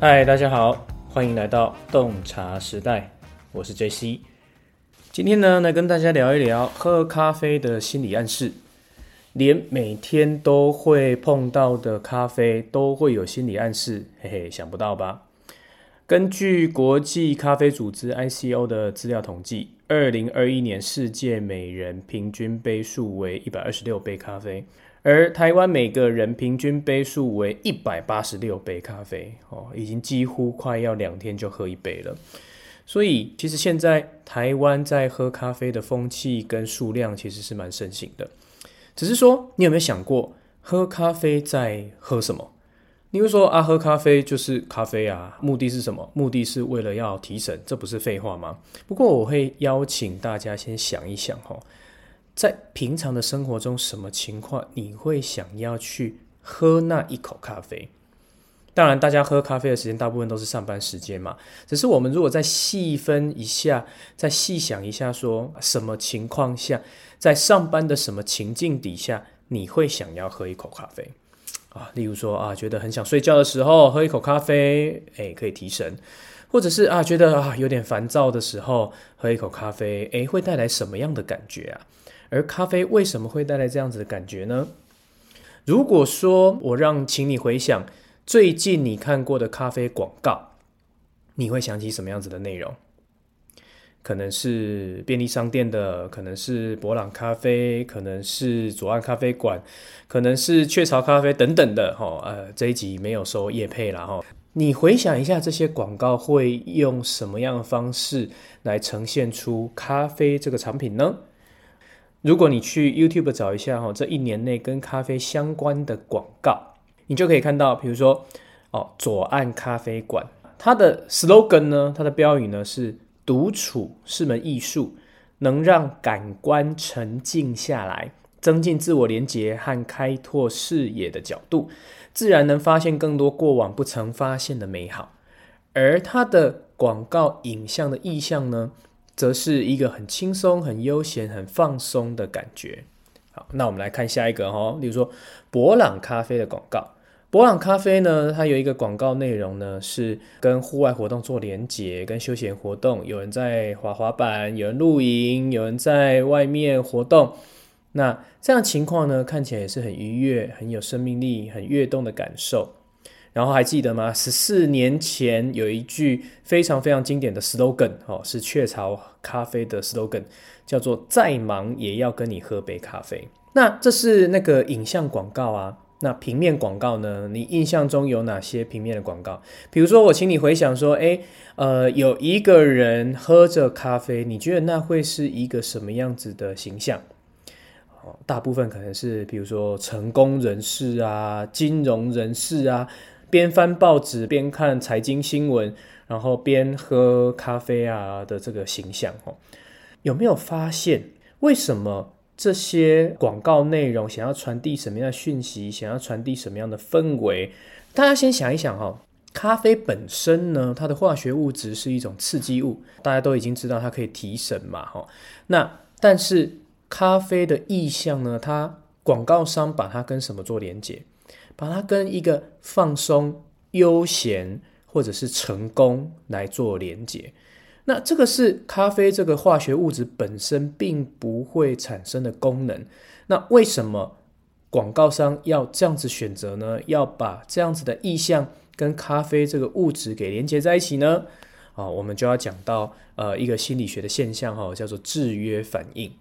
嗨，Hi, 大家好，歡迎來到洞察時代，我是 JC 今天呢，來跟大家聊一聊喝咖啡的心理暗示。連每天都會碰到的咖啡，都會有心理暗示，嘿嘿，想不到吧？根據國際咖啡組織 ICO 的資料統計，二零二一年世界每人平均杯數為一百二十六杯咖啡。而台灣每個人平均杯數為一百八十六杯咖啡哦，已經幾乎快要兩天就喝一杯了。所以，其實現在台灣在喝咖啡的風氣跟數量其實是蠻盛行的。只是說，你有沒有想過喝咖啡在喝什麼？你會說啊，喝咖啡就是咖啡啊，目的是什麼？目的是為了要提神，這不是廢話嗎？不過，我會邀請大家先想一想哈。在平常的生活中，什麼情況你會想要去喝那一口咖啡？當然，大家喝咖啡的時間大部分都是上班時間嘛。只是我們如果再細分一下，再細想一下說，說什麼情況下，在上班的什麼情境底下，你會想要喝一口咖啡啊？例如說啊，覺得很想睡覺的時候，喝一口咖啡，誒、欸，可以提神。或者是啊，覺得啊有點煩躁的時候，喝一口咖啡，誒，會帶來什麼樣的感覺啊？而咖啡為什麼會帶來這樣子的感覺呢？如果說我讓，請你回想最近你看過的咖啡廣告，你會想起什麼樣子的內容？可能是便利商店的，可能是伯朗咖啡，可能是左岸咖啡館，可能是雀巢咖啡等等的。吼、哦，呃，這一集沒有收業配啦吼！哦你回想一下，這些廣告會用什麼樣的方式來呈現出咖啡這個產品呢？如果你去 YouTube 找一下哈，這一年內跟咖啡相關的廣告，你就可以看到，比如說哦，左岸咖啡館，它的 slogan 呢，它的標語呢是“獨處是門藝術，能讓感官沉靜下來”。增進自我連接和開拓視野的角度，自然能發現更多過往不曾發現的美好。而它的廣告影像的意象呢，則是一個很輕鬆、很悠閒、很放鬆的感覺。好，那我們來看下一個哈、哦，例如說，伯朗咖啡的廣告。伯朗咖啡呢，它有一個廣告內容呢，是跟戶外活動做連接，跟休閒活動，有人在滑滑板，有人露營，有人在外面活動。那這樣情況呢，看起來也是很愉悅、很有生命力、很躍動的感受。然後還記得嗎？十四年前有一句非常非常經典的 slogan，哦，是雀巢咖啡的 slogan，叫做“再忙也要跟你喝杯咖啡”。那這是那個影像廣告啊。那平面廣告呢？你印象中有哪些平面的廣告？比如說，我請你回想說，哎，呃，有一個人喝着咖啡，你覺得那會是一個什麼樣子的形象？大部分可能是比如說成功人士啊、金融人士啊，邊翻報紙邊看財經新聞，然後邊喝咖啡啊的這個形象哦。有沒有發現為什麼這些廣告內容想要傳遞什麼樣的訊息，想要傳遞什麼樣的氛圍？大家先想一想哈。咖啡本身呢，它的化學物質是一種刺激物，大家都已經知道它可以提神嘛哈。那但是。咖啡的意象呢，它廣告商把它跟什麼做連結，把它跟一個放鬆、悠閒，或者是成功來做連結。那這個是咖啡這個化學物質本身並不會產生的功能。那為什麼廣告商要這樣子選擇呢？要把這樣子的意象跟咖啡這個物質給連結在一起呢？啊，我們就要講到呃一個心理學的現象哈，叫做制約反應。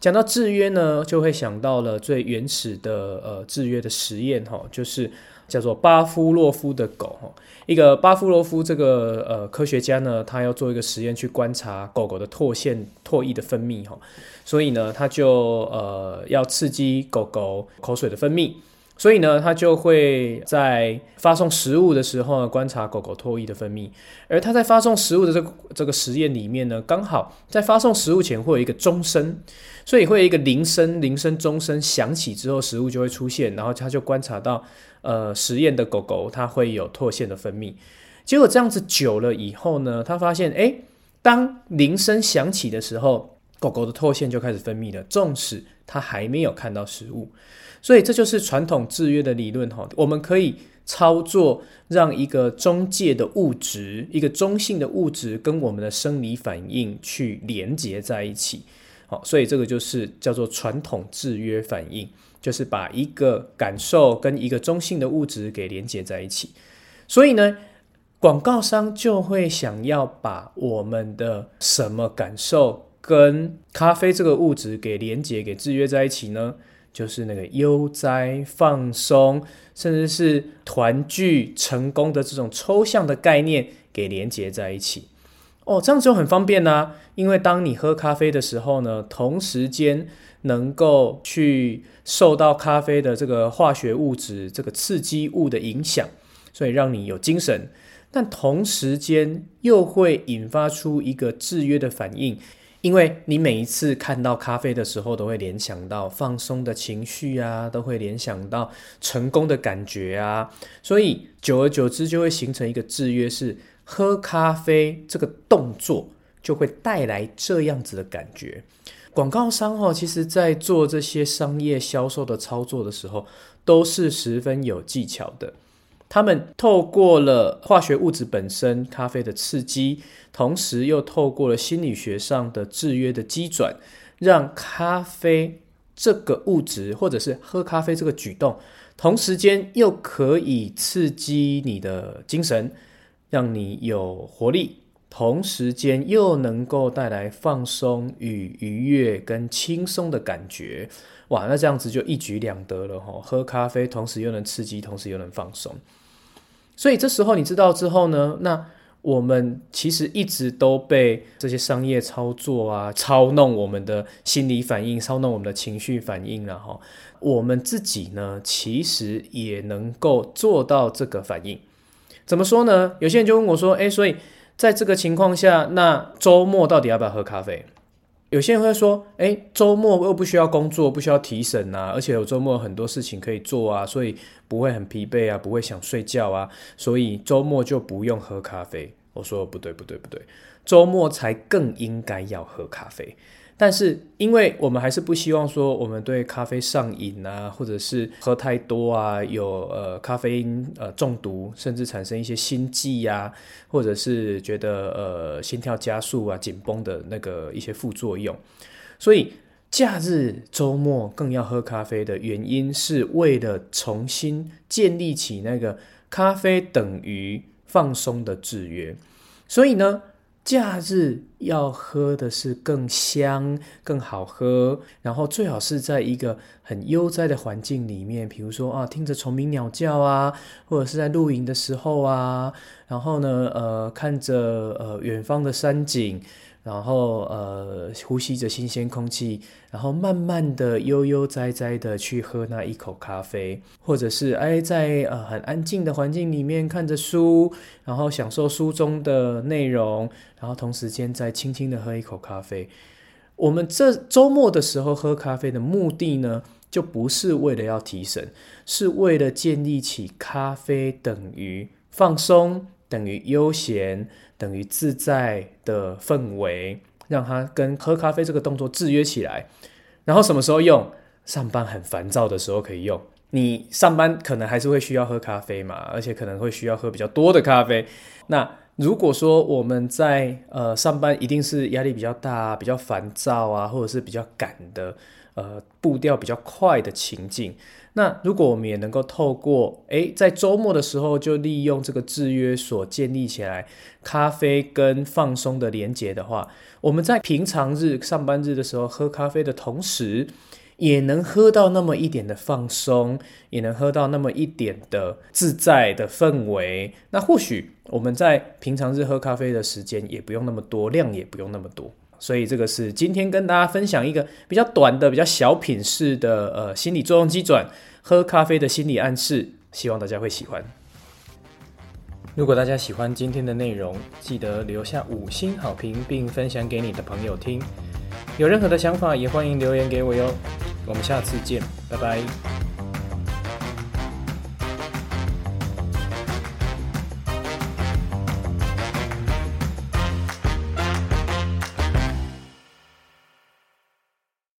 講到制約呢，就會想到了最原始的呃制約的實驗哈、哦，就是叫做巴夫洛夫的狗哈。一個巴夫洛夫這個呃科學家呢，他要做一個實驗去觀察狗狗的唾腺唾液的分泌哈，所以呢，他就呃要刺激狗狗口水的分泌。所以呢，他就會在發送食物的時候呢，觀察狗狗唾液的分泌。而他在發送食物的這個這個實驗裡面呢，剛好在發送食物前會有一個鐘聲，所以會有一個鈴聲、鈴聲、鐘聲響起之後，食物就會出現。然後他就觀察到，呃，實驗的狗狗它會有唾液的分泌。結果這樣子久了以後呢，他發現，哎、欸，當鈴聲響起的時候。狗狗的唾腺就開始分泌了，縱使它還沒有看到食物，所以這就是傳統制約的理論哈。我們可以操作讓一個中介的物質，一個中性的物質跟我們的生理反應去連接在一起，好，所以這個就是叫做傳統制約反應，就是把一個感受跟一個中性的物質給連接在一起。所以呢，廣告商就會想要把我們的什麼感受？跟咖啡這個物質給連接、給制約在一起呢，就是那個悠哉、放鬆，甚至是團聚成功的這種抽象的概念給連接在一起。哦，這樣子就很方便啦，啊，因為當你喝咖啡的時候呢，同時間能夠去受到咖啡的這個化學物質、這個刺激物的影響，所以讓你有精神，但同時間又會引發出一個制約的反應。因為你每一次看到咖啡的時候，都會聯想到放鬆的情緒啊，都會聯想到成功的感覺啊，所以久而久之就會形成一個制約是，是喝咖啡這個動作就會帶來這樣子的感覺。廣告商哦，其實在做這些商業銷售的操作的時候，都是十分有技巧的。他們透過了化學物質本身，咖啡的刺激，同時又透過了心理學上的制約的機轉，讓咖啡這個物質或者是喝咖啡這個舉動，同時間又可以刺激你的精神，讓你有活力。同時間又能夠帶來放鬆與愉悅跟輕鬆的感覺，哇，那這樣子就一舉兩得了吼，喝咖啡同時又能刺激，同時又能放鬆。所以這時候你知道之後呢，那我們其實一直都被這些商業操作啊操弄我們的心理反應，操弄我們的情緒反應了、啊、哈。我們自己呢，其實也能夠做到這個反應。怎麼說呢？有些人就問我說：“哎、欸，所以。”在這個情況下，那周末到底要不要喝咖啡？有些人會說：“哎，周末又不需要工作，不需要提神啊，而且有周末很多事情可以做啊，所以不會很疲憊啊，不會想睡覺啊，所以周末就不用喝咖啡。”我說：“不對，不對，不對，周末才更應該要喝咖啡。”但是，因為我們還是不希望說我們對咖啡上癮啊，或者是喝太多啊，有呃咖啡因呃中毒，甚至產生一些心悸呀、啊，或者是覺得呃心跳加速啊、緊繃的那個一些副作用。所以，假日周末更要喝咖啡的原因，是為了重新建立起那個咖啡等於放鬆的制約。所以呢，假日要喝的是更香、更好喝，然後最好是在一個很悠哉的環境裡面，比如說啊，聽着蟲鳴鳥叫啊，或者是在露營的時候啊，然後呢，呃，看着呃，遠方的山景。然後，呃，呼吸着新鮮空氣，然後慢慢的悠悠哉哉哉的去喝那一口咖啡，或者是哎，在呃很安靜的環境裡面看着書，然後享受書中的內容，然後同時間再輕輕的喝一口咖啡。我們這周末的時候喝咖啡的目的呢，就不是為了要提神，是為了建立起咖啡等於放鬆。等於悠閒，等於自在的氛圍，讓它跟喝咖啡這個動作制約起來。然後什麼時候用？上班很煩躁的時候可以用。你上班可能還是會需要喝咖啡嘛，而且可能會需要喝比較多的咖啡。那如果說我們在呃上班，一定是壓力比較大、比較煩躁啊，或者是比較趕的。呃，步調比較快的情境。那如果我們也能夠透過，欸，在周末的時候就利用這個制約所建立起來咖啡跟放鬆的連結的話，我們在平常日上班日的時候喝咖啡的同時，也能喝到那麼一點的放鬆，也能喝到那麼一點的自在的氛圍。那或許我們在平常日喝咖啡的時間也不用那麼多，量也不用那麼多。所以這個是今天跟大家分享一個比較短的、比較小品式的呃心理作用機轉，喝咖啡的心理暗示，希望大家會喜歡。如果大家喜歡今天的內容，記得留下五星好評，並分享給你的朋友聽。有任何的想法，也歡迎留言給我喲。我們下次見，拜拜。